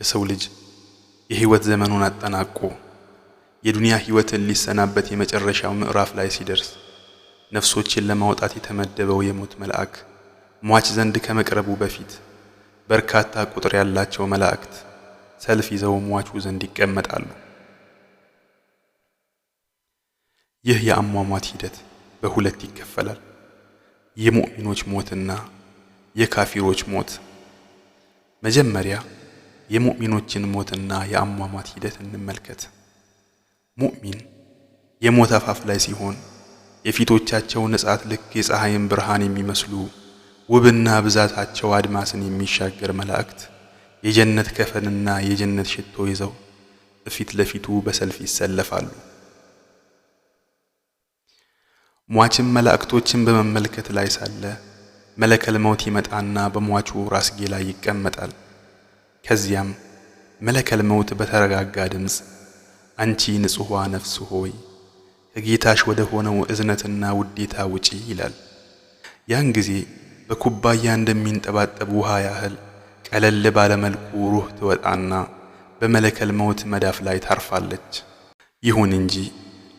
የሰው ልጅ የህይወት ዘመኑን አጠናቆ የዱንያ ህይወትን ሊሰናበት የመጨረሻው ምዕራፍ ላይ ሲደርስ ነፍሶችን ለማውጣት የተመደበው የሞት መልአክ ሟች ዘንድ ከመቅረቡ በፊት በርካታ ቁጥር ያላቸው መላእክት ሰልፍ ይዘው ሟቹ ዘንድ ይቀመጣሉ። ይህ የአሟሟት ሂደት በሁለት ይከፈላል። የሙእሚኖች ሞትና የካፊሮች ሞት መጀመሪያ የሙእሚኖችን ሞትና የአሟሟት ሂደት እንመልከት። ሙእሚን የሞት አፋፍ ላይ ሲሆን የፊቶቻቸው ንጻት ልክ የፀሐይን ብርሃን የሚመስሉ ውብና ብዛታቸው አድማስን የሚሻገር መላእክት የጀነት ከፈንና የጀነት ሽቶ ይዘው ፊት ለፊቱ በሰልፍ ይሰለፋሉ። ሟችን መላእክቶችን በመመልከት ላይ ሳለ መለከል መውት ይመጣና በሟቹ ራስጌ ላይ ይቀመጣል። ከዚያም መለከል መውት በተረጋጋ ድምፅ አንቺ ንጹሕዋ ነፍስ ሆይ ከጌታሽ ወደ ሆነው እዝነትና ውዴታ ውጪ ይላል። ያን ጊዜ በኩባያ እንደሚንጠባጠብ ውሃ ያህል ቀለል ባለመልኩ ሩህ ትወጣና በመለከል መውት መዳፍ ላይ ታርፋለች። ይሁን እንጂ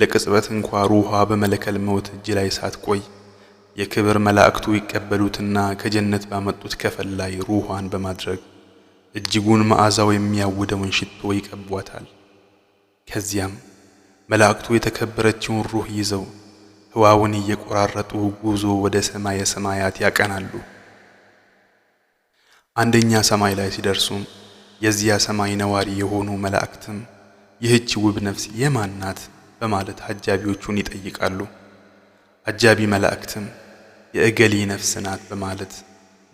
ለቅጽበት እንኳ ሩሃ በመለከል መውት እጅ ላይ ሳትቆይ የክብር መላእክቱ ይቀበሉትና ከጀነት ባመጡት ከፈል ላይ ሩሃን በማድረግ እጅጉን መዓዛው የሚያውደውን ሽቶ ይቀቧታል። ከዚያም መላእክቱ የተከበረችውን ሩህ ይዘው ህዋውን እየቆራረጡ ጉዞ ወደ ሰማየ ሰማያት ያቀናሉ። አንደኛ ሰማይ ላይ ሲደርሱም የዚያ ሰማይ ነዋሪ የሆኑ መላእክትም ይህች ውብ ነፍስ የማን ናት በማለት አጃቢዎቹን ይጠይቃሉ። አጃቢ መላእክትም የእገሌ ነፍስ ናት በማለት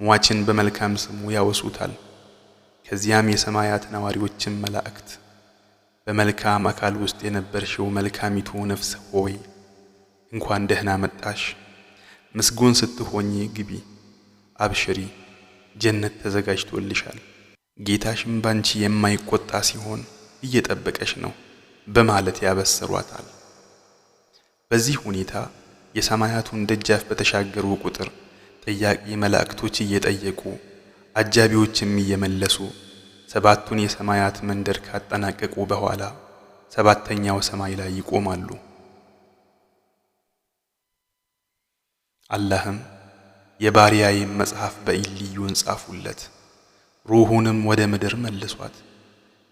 ሟችን በመልካም ስሙ ያወሱታል። ከዚያም የሰማያት ነዋሪዎችን መላእክት በመልካም አካል ውስጥ የነበርሽው መልካሚቱ ነፍስ ሆይ እንኳን ደህና መጣሽ፣ ምስጉን ስትሆኝ ግቢ፣ አብሽሪ፣ ጀነት ተዘጋጅቶልሻል፣ ጌታሽም ባንቺ የማይቆጣ ሲሆን እየጠበቀሽ ነው በማለት ያበስሯታል። በዚህ ሁኔታ የሰማያቱን ደጃፍ በተሻገሩ ቁጥር ጠያቂ መላእክቶች እየጠየቁ አጃቢዎችም እየመለሱ ሰባቱን የሰማያት መንደር ካጠናቀቁ በኋላ ሰባተኛው ሰማይ ላይ ይቆማሉ። አላህም የባሪያዬን መጽሐፍ በኢልዩን ጻፉለት፣ ሩሁንም ወደ ምድር መልሷት።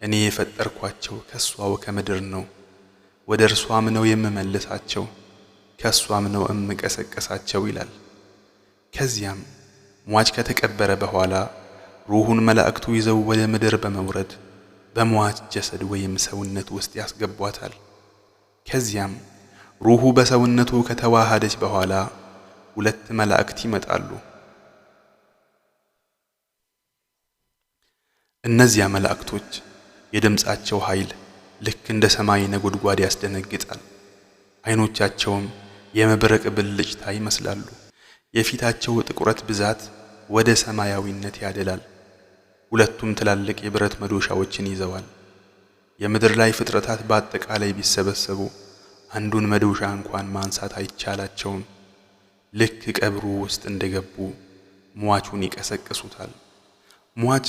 እኔ የፈጠርኳቸው ከሷው ከምድር ነው፣ ወደ እርሷም ነው የምመልሳቸው፣ ከሷም ነው እምቀሰቀሳቸው ይላል። ከዚያም ሟች ከተቀበረ በኋላ ሩሁን መላእክቱ ይዘው ወደ ምድር በመውረድ በሟች ጀሰድ ወይም ሰውነት ውስጥ ያስገቧታል። ከዚያም ሩሁ በሰውነቱ ከተዋሃደች በኋላ ሁለት መላእክት ይመጣሉ። እነዚያ መላእክቶች የድምፃቸው ኃይል ልክ እንደ ሰማይ ነጎድጓድ ያስደነግጣል። አይኖቻቸውም የመብረቅ ብልጭታ ይመስላሉ። የፊታቸው ጥቁረት ብዛት ወደ ሰማያዊነት ያደላል። ሁለቱም ትላልቅ የብረት መዶሻዎችን ይዘዋል። የምድር ላይ ፍጥረታት በአጠቃላይ ቢሰበሰቡ አንዱን መዶሻ እንኳን ማንሳት አይቻላቸውም። ልክ ቀብሩ ውስጥ እንደገቡ ሟቹን ይቀሰቅሱታል። ሟች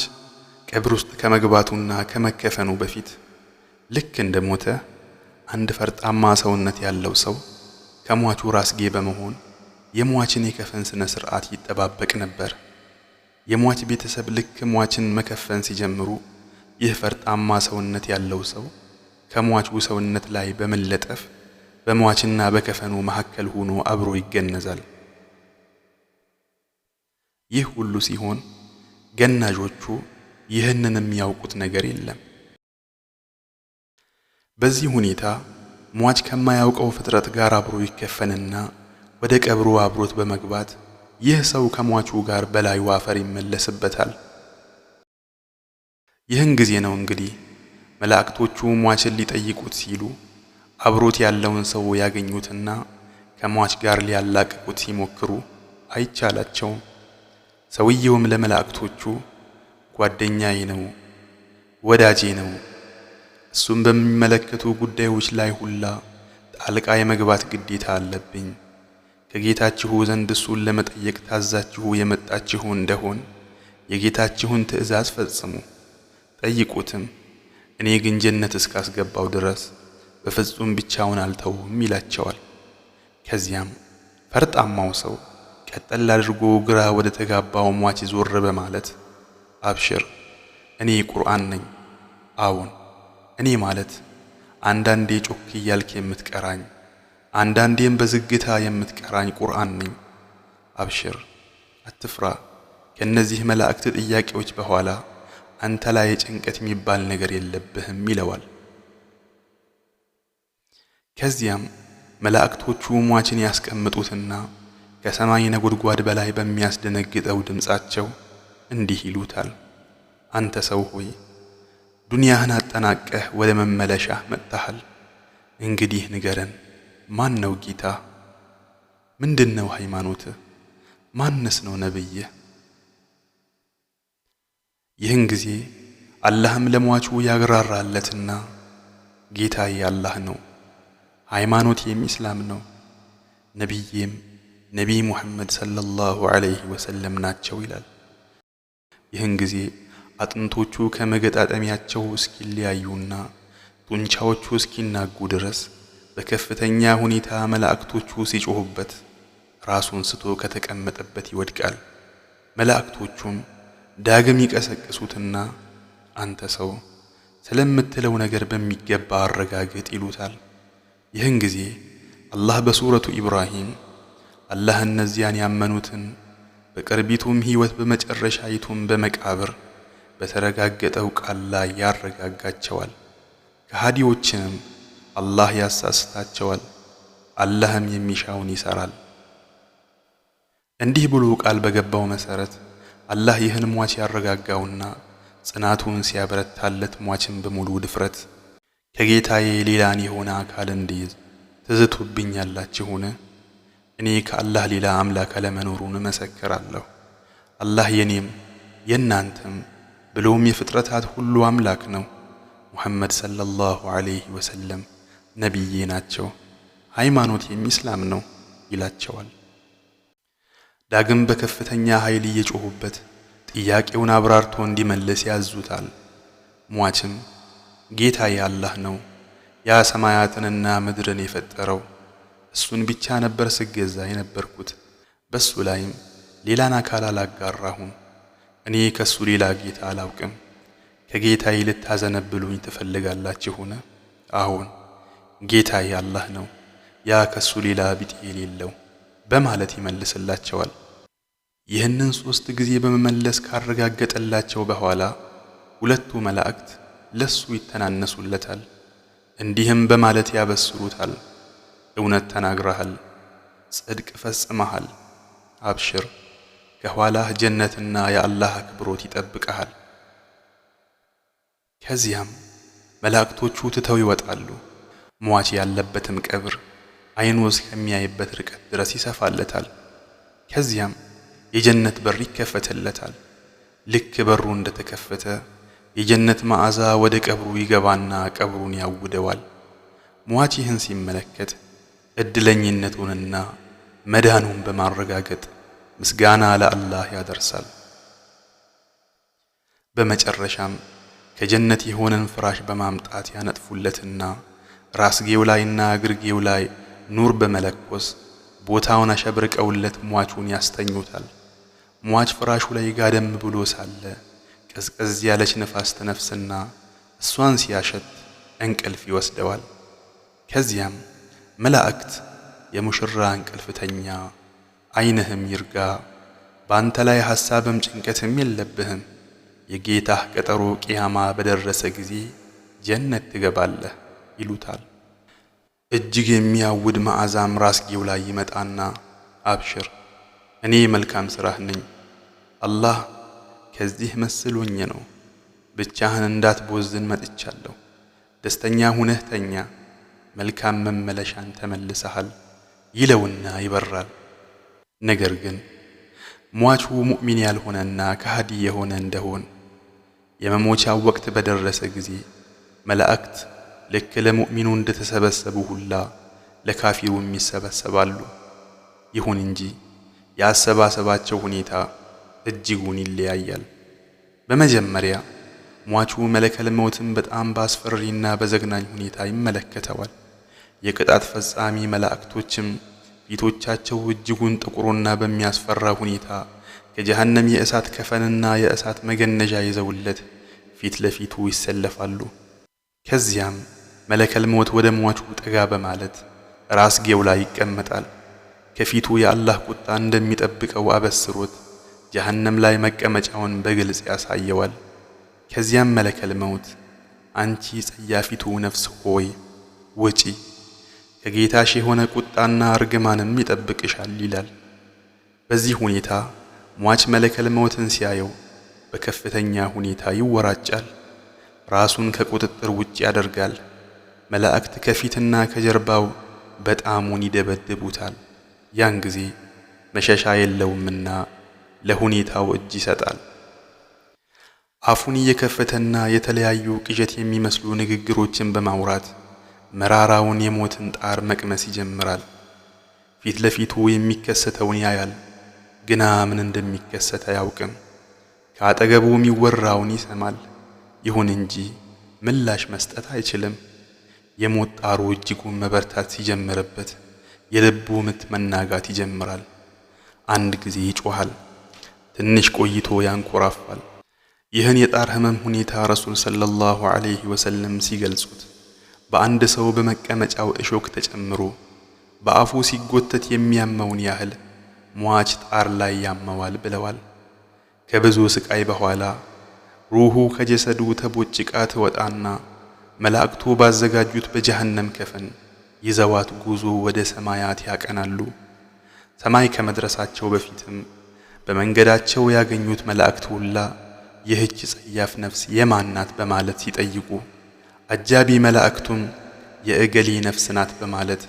ቀብር ውስጥ ከመግባቱና ከመከፈኑ በፊት ልክ እንደ ሞተ አንድ ፈርጣማ ሰውነት ያለው ሰው ከሟቹ ራስጌ በመሆን የሟችን የከፈን ስነ ስርዓት ይጠባበቅ ነበር። የሟች ቤተሰብ ልክ ሟችን መከፈን ሲጀምሩ ይህ ፈርጣማ ሰውነት ያለው ሰው ከሟቹ ሰውነት ላይ በመለጠፍ በሟችና በከፈኑ መካከል ሆኖ አብሮ ይገነዛል። ይህ ሁሉ ሲሆን ገናዦቹ ይህንን የሚያውቁት ነገር የለም። በዚህ ሁኔታ ሟች ከማያውቀው ፍጥረት ጋር አብሮ ይከፈንና ወደ ቀብሩ አብሮት በመግባት ይህ ሰው ከሟቹ ጋር በላዩ አፈር ይመለስበታል። ይህን ጊዜ ነው እንግዲህ መላእክቶቹ ሟችን ሊጠይቁት ሲሉ አብሮት ያለውን ሰው ያገኙትና ከሟች ጋር ሊያላቅቁት ሲሞክሩ አይቻላቸውም። ሰውየውም ለመላእክቶቹ ጓደኛዬ ነው፣ ወዳጄ ነው፣ እሱም በሚመለከቱ ጉዳዮች ላይ ሁላ ጣልቃ የመግባት ግዴታ አለብኝ ከጌታችሁ ዘንድ እሱን ለመጠየቅ ታዛችሁ የመጣችሁ እንደሆን የጌታችሁን ትእዛዝ ፈጽሙ፣ ጠይቁትም። እኔ ግን ጀነት እስካስገባው ድረስ በፍጹም ብቻውን አልተውም ይላቸዋል። ከዚያም ፈርጣማው ሰው ቀጠል አድርጎ ግራ ወደ ተጋባው ሟች ዞር በማለት አብሽር፣ እኔ ቁርአን ነኝ። አዎን እኔ ማለት አንዳንዴ ጮክ እያልክ የምትቀራኝ አንዳንዴም በዝግታ የምትቀራኝ ቁርአን ነኝ። አብሽር፣ አትፍራ። ከእነዚህ መላእክት ጥያቄዎች በኋላ አንተ ላይ ጭንቀት የሚባል ነገር የለብህም ይለዋል። ከዚያም መላእክቶቹ ሟችን ያስቀምጡትና ከሰማይ ነጎድጓድ በላይ በሚያስደነግጠው ድምፃቸው እንዲህ ይሉታል። አንተ ሰው ሆይ ዱንያህን አጠናቀህ ወደ መመለሻህ መጥተሃል። እንግዲህ ንገረን ማን ነው ጌታ? ምንድን ነው ሃይማኖትህ? ማንስ ነው ነብይህ? ይህን ጊዜ አላህም ለሟቹ ያግራራለትና ጌታዬ አላህ ነው፣ ሃይማኖቴም ኢስላም ነው፣ ነቢዬም ነቢይ ሙሐመድ ሰለላሁ ዐለይሂ ወሰለም ናቸው ይላል። ይህን ጊዜ አጥንቶቹ ከመገጣጠሚያቸው እስኪለያዩና ጡንቻዎቹ እስኪናጉ ድረስ በከፍተኛ ሁኔታ መላእክቶቹ ሲጮሁበት ራሱን ስቶ ከተቀመጠበት ይወድቃል። መላእክቶቹም ዳግም ይቀሰቅሱትና አንተ ሰው ስለምትለው ነገር በሚገባ አረጋግጥ ይሉታል። ይህን ጊዜ አላህ በሱረቱ ኢብራሂም አላህ እነዚያን ያመኑትን በቅርቢቱም ሕይወት በመጨረሻይቱም በመቃብር በተረጋገጠው ቃል ላይ ያረጋጋቸዋል። ከሃዲዎችንም አላህ ያሳስታቸዋል፣ አላህም የሚሻውን ይሰራል። እንዲህ ብሎ ቃል በገባው መሰረት አላህ ይህን ሟች ያረጋጋውና ጽናቱን ሲያበረታለት ሟችን በሙሉ ድፍረት ከጌታዬ ሌላን የሆነ አካል እንዲይዝ ትዝቱብኛላችሁን? እኔ ከአላህ ሌላ አምላክ አለመኖሩን እመሰክራለሁ። አላህ የኔም የእናንተም ብሎም የፍጥረታት ሁሉ አምላክ ነው። ሙሐመድ ሰለላሁ ዐለይሂ ወሰለም ነቢዬ ናቸው፣ ሃይማኖቴም ኢስላም ነው ይላቸዋል። ዳግም በከፍተኛ ኃይል እየጮሁበት ጥያቄውን አብራርቶ እንዲመለስ ያዙታል። ሟችም ጌታዬ አላህ ነው ያ ሰማያትንና ምድርን የፈጠረው እሱን ብቻ ነበር ስገዛ የነበርኩት። በሱ ላይም ሌላን አካል አላጋራሁም። እኔ ከሱ ሌላ ጌታ አላውቅም። ከጌታዬ ልታዘነብሉኝ ትፈልጋላችሁን? አሁን ጌታ አላህ ነው፣ ያ ከሱ ሌላ ቢጤ የሌለው በማለት ይመልስላቸዋል። ይህንን ሦስት ጊዜ በመመለስ ካረጋገጠላቸው በኋላ ሁለቱ መላእክት ለሱ ይተናነሱለታል። እንዲህም በማለት ያበስሩታል። እውነት ተናግረሃል፣ ጽድቅ ፈጽመሃል። አብሽር፣ ከኋላህ ጀነትና የአላህ አክብሮት ይጠብቀሃል። ከዚያም መላእክቶቹ ትተው ይወጣሉ። ሟች ያለበትም ቀብር አይኑ እስከሚያይበት ርቀት ድረስ ይሰፋለታል። ከዚያም የጀነት በር ይከፈትለታል። ልክ በሩ እንደተከፈተ የጀነት መዓዛ ወደ ቀብሩ ይገባና ቀብሩን ያውደዋል። ሟች ይህን ሲመለከት እድለኝነቱንና መዳኑን በማረጋገጥ ምስጋና ለአላህ ያደርሳል። በመጨረሻም ከጀነት የሆነን ፍራሽ በማምጣት ያነጥፉለትና ራስጌው ላይና እግርጌው ላይ ኑር በመለኮስ ቦታውን አሸብርቀውለት ሟቹን ያስተኙታል። ሟች ፍራሹ ላይ ጋደም ብሎ ሳለ ቀዝቀዝ ያለች ነፋስ ትነፍስና እሷን ሲያሸት እንቅልፍ ይወስደዋል። ከዚያም መላእክት የሙሽራ እንቅልፍተኛ ዓይንህም ይርጋ፣ በአንተ ላይ ሐሳብም ጭንቀትም የለብህም፣ የጌታህ ቀጠሮ ቅያማ በደረሰ ጊዜ ጀነት ትገባለህ ይሉታል። እጅግ የሚያውድ መዓዛም ራስጌው ላይ ይመጣና አብሽር እኔ መልካም ሥራህ ነኝ፣ አላህ ከዚህ መስሎኝ ነው፣ ብቻህን እንዳትቦዝን መጥቻለሁ፣ ደስተኛ ሁነህ ተኛ፣ መልካም መመለሻን ተመልሰሃል ይለውና ይበራል። ነገር ግን ሟቹ ሙእሚን ያልሆነና ከሃዲ የሆነ እንደሆን የመሞቻው ወቅት በደረሰ ጊዜ መላእክት ልክ ለሙእሚኑ እንደተሰበሰቡ ሁላ ለካፊሩም ይሰበሰባሉ። ይሁን እንጂ የአሰባሰባቸው ሁኔታ እጅጉን ይለያያል። በመጀመሪያ ሟቹ መለከል መውትን በጣም በአስፈሪና በዘግናኝ ሁኔታ ይመለከተዋል። የቅጣት ፈጻሚ መላእክቶችም ፊቶቻቸው እጅጉን ጥቁርና በሚያስፈራ ሁኔታ ከጀሃነም የእሳት ከፈንና የእሳት መገነዣ ይዘውለት ፊት ለፊቱ ይሰለፋሉ። ከዚያም መለከል ሞት ወደ ሟቹ ጠጋ በማለት ራስጌው ላይ ይቀመጣል። ከፊቱ የአላህ ቁጣ እንደሚጠብቀው አበስሮት ጀሀነም ላይ መቀመጫውን በግልጽ ያሳየዋል። ከዚያም መለከል መውት አንቺ ጸያፊቱ ነፍስ ሆይ ውጪ፣ ከጌታሽ የሆነ ቁጣና እርግማንም ይጠብቅሻል ይላል። በዚህ ሁኔታ ሟች መለከል መውትን ሲያየው በከፍተኛ ሁኔታ ይወራጫል፣ ራሱን ከቁጥጥር ውጭ ያደርጋል። መላእክት ከፊትና ከጀርባው በጣሙን ይደበድቡታል። ያን ጊዜ መሸሻ የለውምና ለሁኔታው እጅ ይሰጣል። አፉን እየከፈተና የተለያዩ ቅዠት የሚመስሉ ንግግሮችን በማውራት መራራውን የሞትን ጣር መቅመስ ይጀምራል። ፊት ለፊቱ የሚከሰተውን ያያል፣ ግና ምን እንደሚከሰት አያውቅም። ከአጠገቡ የሚወራውን ይሰማል፣ ይሁን እንጂ ምላሽ መስጠት አይችልም። የሞት ጣሩ እጅጉን መበርታት ሲጀምርበት የልቡ ምት መናጋት ይጀምራል። አንድ ጊዜ ይጮሃል፣ ትንሽ ቆይቶ ያንኮራፋል። ይህን የጣር ህመም ሁኔታ ረሱል ሰለላሁ ዐለይሂ ወሰለም ሲገልጹት በአንድ ሰው በመቀመጫው እሾክ ተጨምሮ በአፉ ሲጎተት የሚያመውን ያህል ሟች ጣር ላይ ያመዋል ብለዋል። ከብዙ ስቃይ በኋላ ሩሁ ከጀሰዱ ተቦጭቃ ትወጣና መላእክቱ ባዘጋጁት በጀሃነም ከፈን ይዘዋት ጉዞ ወደ ሰማያት ያቀናሉ። ሰማይ ከመድረሳቸው በፊትም በመንገዳቸው ያገኙት መላእክት ሁላ ይህች ጸያፍ ነፍስ የማናት በማለት ሲጠይቁ አጃቢ መላእክቱም የእገሌ ነፍስ ናት በማለት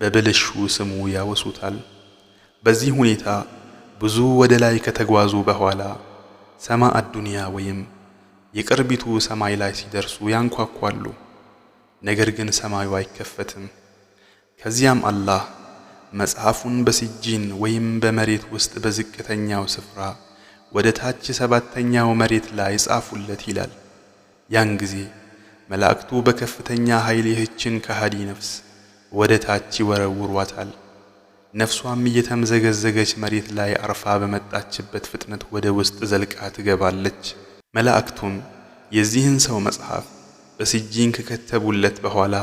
በብልሹ ስሙ ያወሱታል። በዚህ ሁኔታ ብዙ ወደ ላይ ከተጓዙ በኋላ ሰማ አዱንያ ወይም የቅርቢቱ ሰማይ ላይ ሲደርሱ ያንኳኳሉ። ነገር ግን ሰማዩ አይከፈትም። ከዚያም አላህ መጽሐፉን በስጅን ወይም በመሬት ውስጥ በዝቅተኛው ስፍራ ወደ ታች ሰባተኛው መሬት ላይ ጻፉለት ይላል። ያን ጊዜ መላእክቱ በከፍተኛ ኃይል ይህችን ከሃዲ ነፍስ ወደ ታች ይወረውሯታል። ነፍሷም እየተምዘገዘገች መሬት ላይ አርፋ በመጣችበት ፍጥነት ወደ ውስጥ ዘልቃ ትገባለች። መላእክቱም የዚህን ሰው መጽሐፍ በስጂን ከከተቡለት በኋላ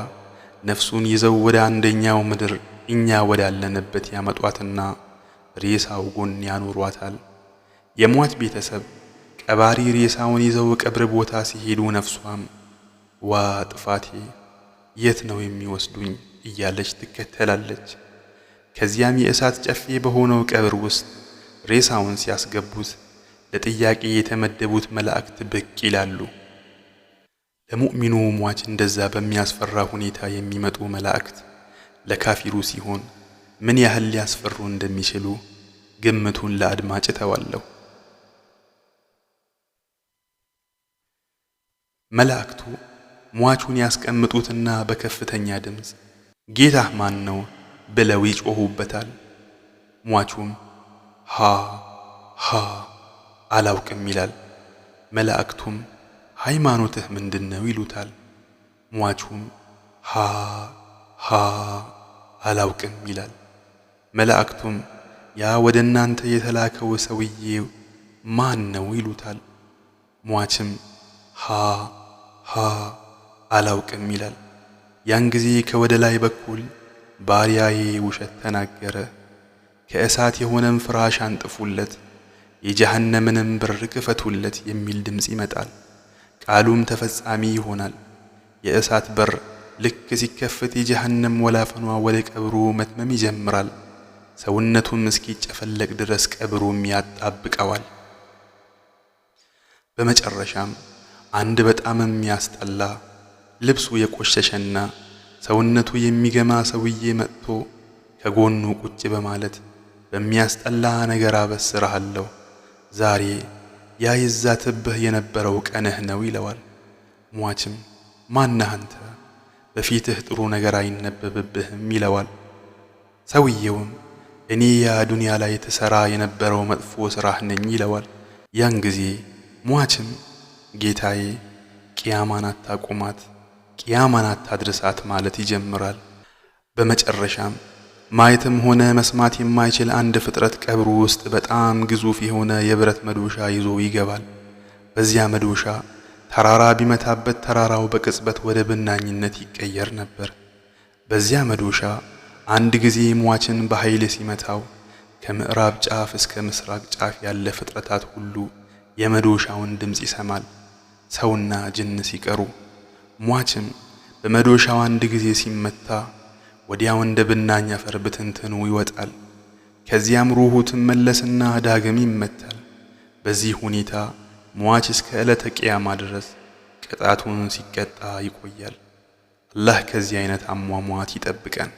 ነፍሱን ይዘው ወደ አንደኛው ምድር እኛ ወዳለንበት ያመጧትና ሬሳው ጎን ያኖሯታል። የሟች ቤተሰብ ቀባሪ ሬሳውን ይዘው ቀብር ቦታ ሲሄዱ ነፍሷም ዋ ጥፋቴ የት ነው የሚወስዱኝ እያለች ትከተላለች። ከዚያም የእሳት ጨፌ በሆነው ቀብር ውስጥ ሬሳውን ሲያስገቡት ለጥያቄ የተመደቡት መላእክት ብቅ ይላሉ። ለሙእሚኑ ሟች እንደዛ በሚያስፈራ ሁኔታ የሚመጡ መላእክት ለካፊሩ ሲሆን ምን ያህል ሊያስፈሩ እንደሚችሉ ግምቱን ለአድማጭ ተዋለሁ። መላእክቱ ሟቹን ያስቀምጡትና በከፍተኛ ድምፅ ጌታህ ማን ነው ብለው ይጮሁበታል። ሟቹም ሃ ሃ አላውቅም ይላል። መላእክቱም ሃይማኖትህ ምንድን ነው ይሉታል። ሟቹም ሃ ሃ አላውቅም ይላል። መላእክቱም ያ ወደ እናንተ የተላከው ሰውዬ ማን ነው ይሉታል። ሟችም ሃ ሃ አላውቅም ይላል። ያን ጊዜ ከወደ ላይ በኩል ባሪያዬ ውሸት ተናገረ፣ ከእሳት የሆነም ፍራሽ አንጥፉለት የጀሃነምንም በር ክፈቱለት የሚል ድምፅ ይመጣል። ቃሉም ተፈጻሚ ይሆናል። የእሳት በር ልክ ሲከፈት የጀሃነም ወላፈኗ ወደ ቀብሩ መትመም ይጀምራል። ሰውነቱም እስኪጨፈለቅ ድረስ ቀብሩም ያጣብቀዋል። በመጨረሻም አንድ በጣም የሚያስጠላ ልብሱ የቆሸሸና ሰውነቱ የሚገማ ሰውዬ መጥቶ ከጎኑ ቁጭ በማለት በሚያስጠላ ነገር አበስርሃለሁ ዛሬ ያ የዛተብህ የነበረው ቀንህ ነው ይለዋል። ሟችም ማናህ አንተ በፊትህ ጥሩ ነገር አይነበብብህም ይለዋል። ሰውየውም እኔ ያ ዱንያ ላይ ተሠራ የነበረው መጥፎ ሥራህ ነኝ ይለዋል። ያን ጊዜ ሟችም ጌታዬ ቅያማን አታቁማት፣ ቅያማን አታድርሳት ማለት ይጀምራል። በመጨረሻም ማየትም ሆነ መስማት የማይችል አንድ ፍጥረት ቀብሩ ውስጥ በጣም ግዙፍ የሆነ የብረት መዶሻ ይዞ ይገባል። በዚያ መዶሻ ተራራ ቢመታበት ተራራው በቅጽበት ወደ ብናኝነት ይቀየር ነበር። በዚያ መዶሻ አንድ ጊዜ ሟችን በኃይል ሲመታው ከምዕራብ ጫፍ እስከ ምስራቅ ጫፍ ያለ ፍጥረታት ሁሉ የመዶሻውን ድምፅ ይሰማል። ሰውና ጅን ሲቀሩ ሟችም በመዶሻው አንድ ጊዜ ሲመታ ወዲያው እንደ ብናኝ አፈር ብትንትኑ ይወጣል። ከዚያም ሩሁ ትመለስና ዳግም ይመታል። በዚህ ሁኔታ ሟች እስከ ዕለተ ቅያማ ድረስ ቅጣቱን ሲቀጣ ይቆያል። አላህ ከዚህ አይነት አሟሟት ይጠብቀን።